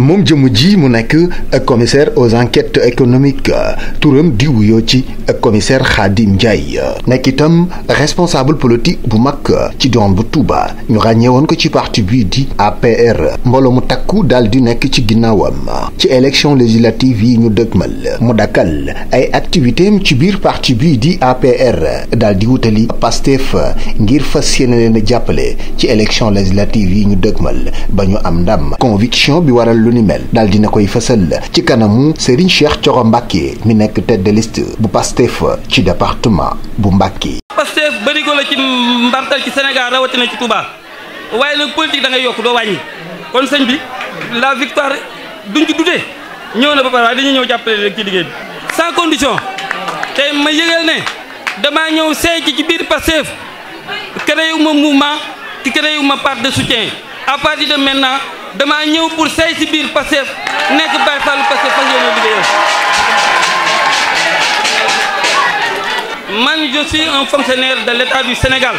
mom jëmu ji mu nekk commissaire aux enquêtes économiques turam di wuyoo ci commissaire Khadim Ndiaye nekk itam responsable politique bu mag ci doon bu Touba ñu ràññee ko ci parti bi di APR mbolo mu takku daal di nekk ci ginnaawam ci élection législative yi ñu dëgmal mu dakkal ay activités ci biir parti bi di APR dal di wutali Pastef ngir fas yéene jàppale ci élection législative yi ñu dëgmal ba ñu am ndam conviction bi waral lu ni mel daal dina koy fësal ci kanamu Serigne Cheikh Thioro Mbacké mi nekk tête de liste bu Pastef ci département bu Mbacké. Pastef bëri ko la ci mbartal ci Sénégal rawatina ci Touba waaye nag politique da ngay yokk doo wàññi kon sëñ bi la victoire duñ ci dute ñëw na ba pare dañuy ñëw jàppale rek ci liggéey bi sans condition tey ma yëgal ne damaa ñëw seey ci dama ñëw pour say ci bir passé nek Baye Fallou passé fas yéene liggéeyal man je suis un fonctionnaire de l'État du Sénégal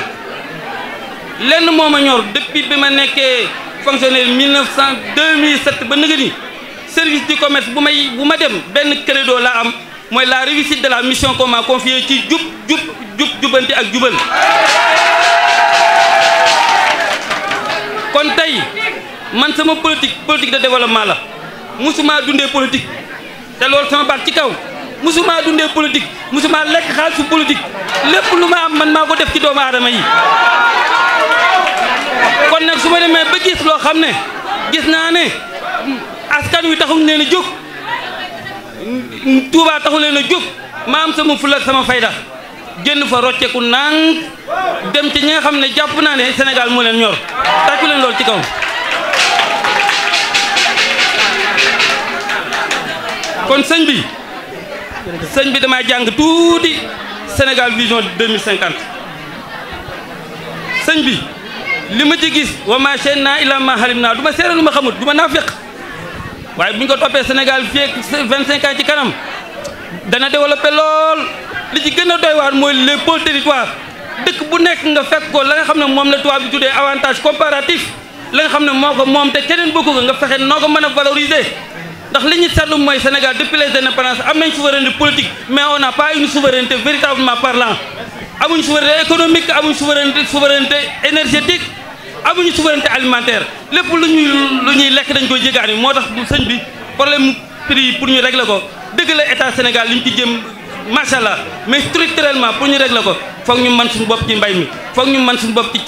lenn moma ñor depuis bima nekké fonctionnaire 1900 2007 ba nëgë service du commerce bu may bu ma dem ben credo la am moy la réussite de la mission qu'on m'a confiée ci jub jub jub jubanti ak djubal kon tay man sama politique politique de développement la musuma dundee politique te loolu sama baat ci kaw musuma dundee politique musuma lekk xaalisu politique lépp lu ma am man maa ko def ci doomu adama yi kon nag su ma demee ba gis loo xam ne gis naa ne askan wi taxul leen a jóg Touba taxu leen a jóg ma am sama fulla sama fayda génn fa rocceeku nang dem ci ñi nga xam ne jàpp naa ne Sénégal moo leen ñor tàccu leen loolu ci kaw kon sëñ bi sëñ bi damaa jàng tuuti Sénégal vision cinquante sëñ bi li ma ci gis wa ma seen naa illa ma xalim naa du ma seere lu ma xamut du ma naafiq waaye bu ñu ko toppee Sénégal fii ak 25 ci kanam dana développé lool li ci gën a doy waar mooy les pôles territoire dëkk bu nekk nga fekk ko la nga xam ne moom la tubaab bi tuddee avantage comparatif la nga xam ne moo ko moom te keneen bokku nga fexe noo ko mën a valoriser ndax li ñu seetlu mooy Sénégal depuis les indépendances am nañ souveraineté politique mais on n'a pas une souveraineté véritablement parlant amuñ souveraineté économique amuñ souveraineté souveraineté énergétique amuñu souveraineté alimentaire lépp lu ñuy lu ñuy lekk dañ koy jéggaani moo tax bu sëñ bi problème prix pour ñu régler ko dëgg la état Sénégal li ñu ci jëm mais structurellement pour nous régler ko faut que nous suñu bob ci mbay mi nous mangeons mën suñu bopp ci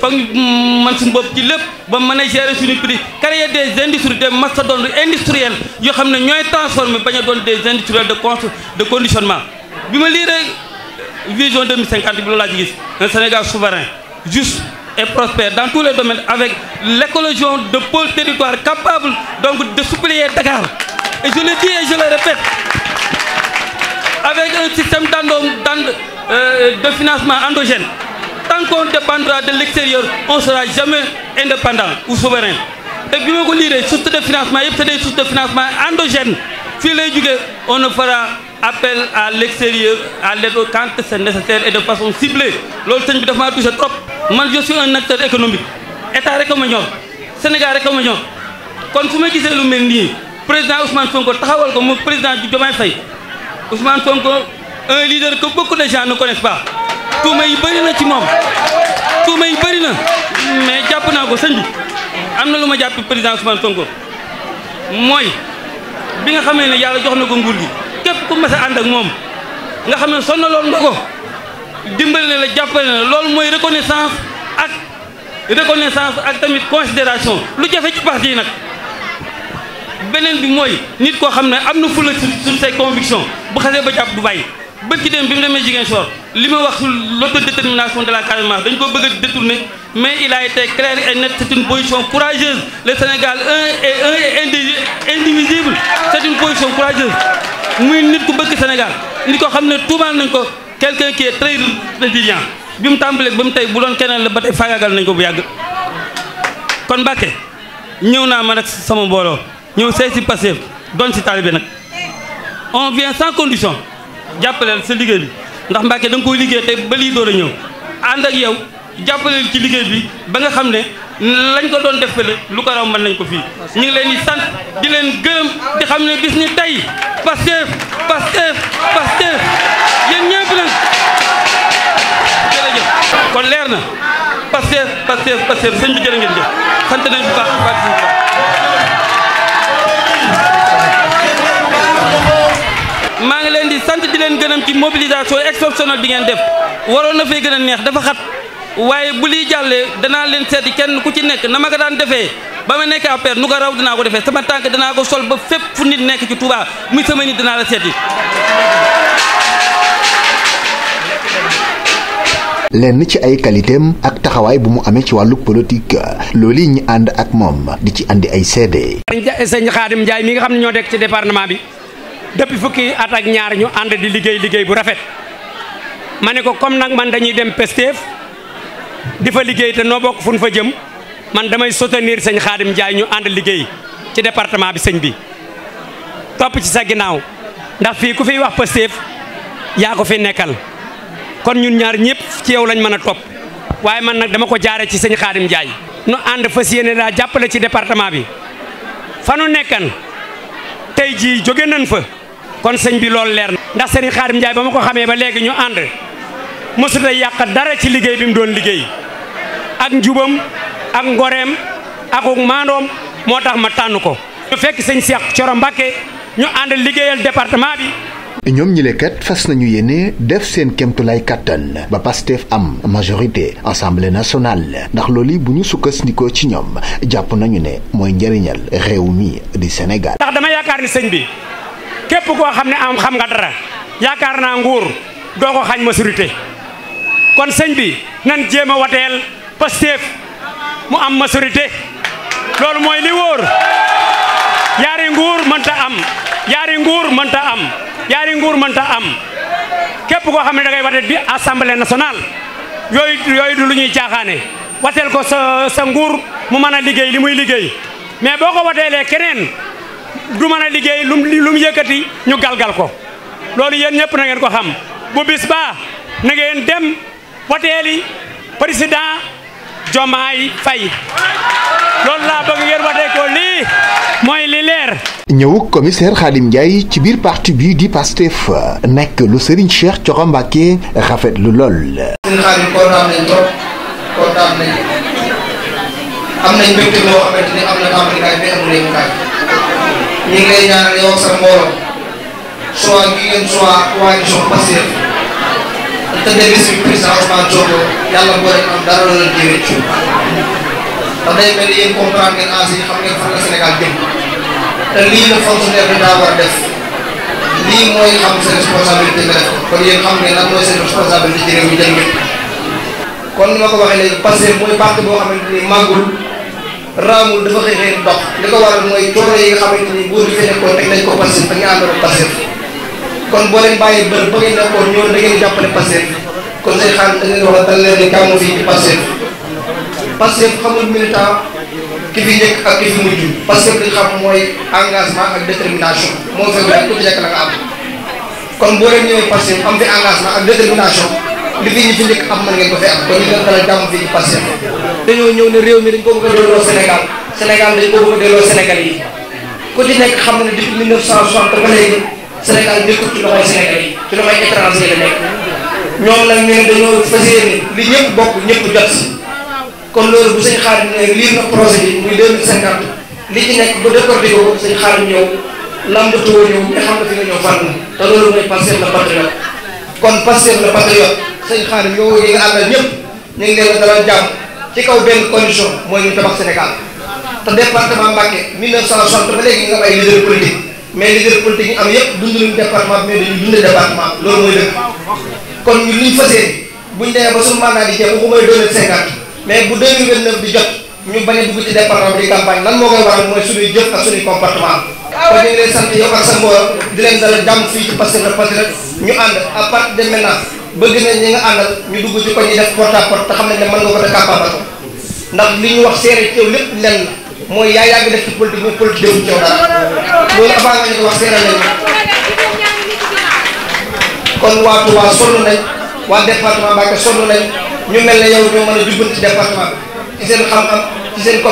faut que nous ñu mën suñu bopp ci lépp ba mën a gérer suñu des industries des mastodontes industriels yoo xam ne ñooy transformer mais pas des de conditionnement. de conditionnement le lire vision 2050 je l'ai dit, un Sénégal souverain juste et prospère dans tous les domaines avec l'écologie de pôle territoire, capable donc de supplier Dakar et je le dis et je le répète avec un système euh, de financement endogène. Tant qu'on dépendra de l'extérieur, on ne sera jamais indépendant ou souverain. Et puis, vous lirez, source de financement, il des sources de financement endogènes. Si on ne fera appel à l'extérieur, à l'aide quand c'est nécessaire et de façon ciblée. L'autre, c'est que trop. Moi, je suis un acteur économique. État recommandé, Sénégal recommandé. Quand vous me disiez le président Ousmane Sonko, le président du domaine Ousmane Sonko un leader que beaucoup de gens ne connaissent pas tuuma yi bëri na ci moom tuuma yi bëri na jàpp naa ko sëñ bi am na lu ma jàpp président Ousmane Sonko mooy bi nga xamee ne yàlla jox na ko nguur gi képp ku mas a moom nga xam ne sonnaloon nga ko dimbali la jàppale na loolu mooy reconnaissance ak reconnaissance ak tamit considération lu jafe ci parti nag beneen bi mooy nit koo xam ne am na fulla sur ses convictions bu xasee ba jàpp du bàyyi bërki dem bi mu demee jigéen soor li ma wax sur l'autodétermination de la Casamance dañ ko bëgg a détourner mais il a été clair et net c'est une position courageuse le Sénégal un un indivisible c'est position courageuse muy nit ku bëgg Sénégal nit ko xam ne tuumaal nañ ko quelqu'un qui est très résilient bi mu tàmbalee ba mu tey bu doon keneen la ba tey faagaagal nañ ko bu yàgg kon Mbàkke ñëw naa ma ak sama mbooloo ñëw seey si Pastef doon si taalibe nag on vient sans condition jàppaleel sa liggéey bi ndax Mbàkke da koy liggéey te ba lii door a ñëw ànd ak yow jàppaleel ci liggéey bi ba nga xam ne lañ ko doon def fële lu ko raw mën nañ ko fii ñu ngi leen di sant di leen gërëm di xam ne bis ni tey Pastef Pastef Pastef yéen ñëpp nag jërëjëf kon leer na Pastef Pastef Pastef sëñ bi jërë ngeen jëf sant nañ bu baax baax maa ngi leen di sant di leen gërëm ci mobilisation exceptionnelle bi ngeen def waroon na fee gën a neex dafa xat waaye bu liy jàllee danaa leen seeti kenn ku ci nekk na ma ko daan defee ba ma nekk affaire nu ko raw dinaa ko defee sama tànk danaa ko sol ba fépp fu nit nekk ci Touba muy sama nit danaa la seeti. lenn ci ay qualitéem ak taxawaay bu mu amee ci wàllu politique loolu yi ñu ànd ak moom di ci indi ay seede. sëñ Xaadim Njaay mi nga xam ne ñoo dekk ci département bi. depuis fukki at ak ñaar ñu ànd di liggéey liggéey bu rafet ma ne ko comme nag man dañuy dem Pastef di fa liggéey te noo bokk fu fa jëm man damay soutenir sëñ Xaadim Ndiaye ñu ànd liggéey ci département bi sëñ bi topp ci sa ginnaaw ndax fii ku fiy wax Pastef yaa ko fi nekkal kon ñun ñaar ñëpp ci yow lañ mën a topp waaye man nag dama ko jaare ci sëñ Xaadim Ndiaye nu ànd fas yéene daa jàppale ci département bi fa nu nekkan tey jii jóge nañ fa kon sëñ bi loolu leer na ndax sëriñ Xaadim Njaay ba ma ko xamee ba léegi ñu ànd mësuta yàq dara ci liggéey bi mu doon liggéey ak njubam ak ngoreem ak maandoom moo tax ma tànn ko ñu fekk sëñ Cheikh Coro Mbàkke ñu ànd liggéeyal département bi ñoom ñi kat fas nañu yéene def seen kemtulaay kàttan ba Pastef am majorité assemblée nationale ndax loolu bu ñu sukkandikoo ci ñoom jàpp nañu ne mooy njëriñal réew mi di Sénégal. ndax dama yaakaar ni sëñ képp ko xam ne am xam nga dara yaakar na nguur doo ko xañ kon señ bi nan jema watel Pastef mu am majorité lolou moy li woor yaari nguur ta am yaari nguur ta am yaari nguur ta am képp ko xam da ngay bi assemblée nationale yoy yoy du luñuy ñuy watel ko sa nguur mu mën li liggéey mais boko kenen du mën a liggéey lu lu yëkkati ñu galgal ko loolu yéen ñëpp na ngeen ko xam bu bis baa na dem woteeli président Diomaye Faye loolu laa bëgg ngeen watee ko lii mooy li leer ñëwuk commissaire Khadim Ndiaye ci biir parti bii di Pastef nekk lu Serigne Cheikh Thioro Mbacké rafet lu lool ñu ngi lay ñaanal yow ak sa mbooloo choix gi ngeen choix coalition te tey bis bi président Ousmane Sonko yàlla boo am dara loo leen di rëccu ndax day mel ni yéen comprendre Sénégal jëm lii la fonctionnaire bi daa war a def lii mooy xam seen responsabilité nga def kon yéen xam ngeen lan mooy seen responsabilité ci réew mi jëm kon ni ma ko waxee mooy parti boo xamante raamul dafa xëy xëy dox li ko waral mooy coono yi nga xamante ni nguur gi fi nekkoon teg nañ ko Pastef ba ñu àndoon Pastef kon boo leen bàyyi bër ba ngeen nekkoon ñëw da ngeen jàppale Pastef kon sëñ xaan da ngeen wax dal leen ne gàmmu fii ci Pastef Pastef xamul militant ki fi njëkk ak ki fi mujj Pastef li xam mooy engagement ak détermination moo fekk rek ku ci la nga kon boo leen ñëwee Pastef am fi engagement ak détermination li fi ñu fi njëkk am mën ngeen ko fi am kon ñu fii ci Parcelles dañoo ñëw ne réew mi dañ ko bëgg a a delloo na ne depuis 1960 la nekk ñoom nag ne dañoo fas yéene li ñëpp bokk ne lii na li ci nekk ba décorté ko sañ xaar ñëw lambatuwoo ñëw nga xam loolu mooy Parcelles la patriote sëñ xaadim yow yi nga amal ñep ñi ngi leen dara jam ci kaw ben condition mooy ñu tabax senegal ta département Mbacké 1960 ba léegi nga am ay leader politique mais leader politique ñu am yépp dundul ñu département mais dañu dund département loolu moy dëgg kon ñu liñ fassé buñ demee ba sun mandat di jeex bu may 2050 mais bu 2029 di jot ñu bañ dugg ci département di campagne lan mo koy waral moy suñu jëf ak suñu comportement kon ñu ngi leen sant yow ak sa mbooloo di leen dalal jàmm fii ci Pastef la Pastef ñu ànd à partir de maintenant bëgg nañ ñi nga àndal ñu dugg ci ko ñuy def porte à te xam nañ ne mën nga ko def capable ndax li ñu wax seere ci yow lépp lenn la mooy yaa yàgg def ci politique mais politique déwul ci yow dara loolu avant nga ñu ko wax seere lañ kon waa Touba sonn nañ waa département Mbacké sonn nañ ñu mel ne yow ñoo mën a jubbanti ci département ci seen xam-xam ci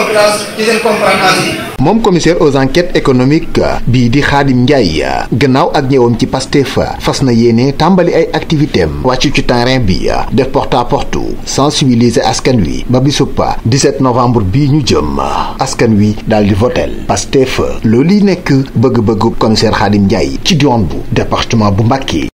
commissaire aux enquêtes économiques Bidi di Khadim Ndiaye gannaaw ak ñewom ci Pastef fas na tambali ay activité waccu ci terrain bi def porte à porte sensibiliser askan wi ba 17 novembre bi ñu jëm askan wi dal di votel Pastef Loli nek bëgg bëgg commissaire Khadim Ndiaye ci diwaan bu département bu Mbacké.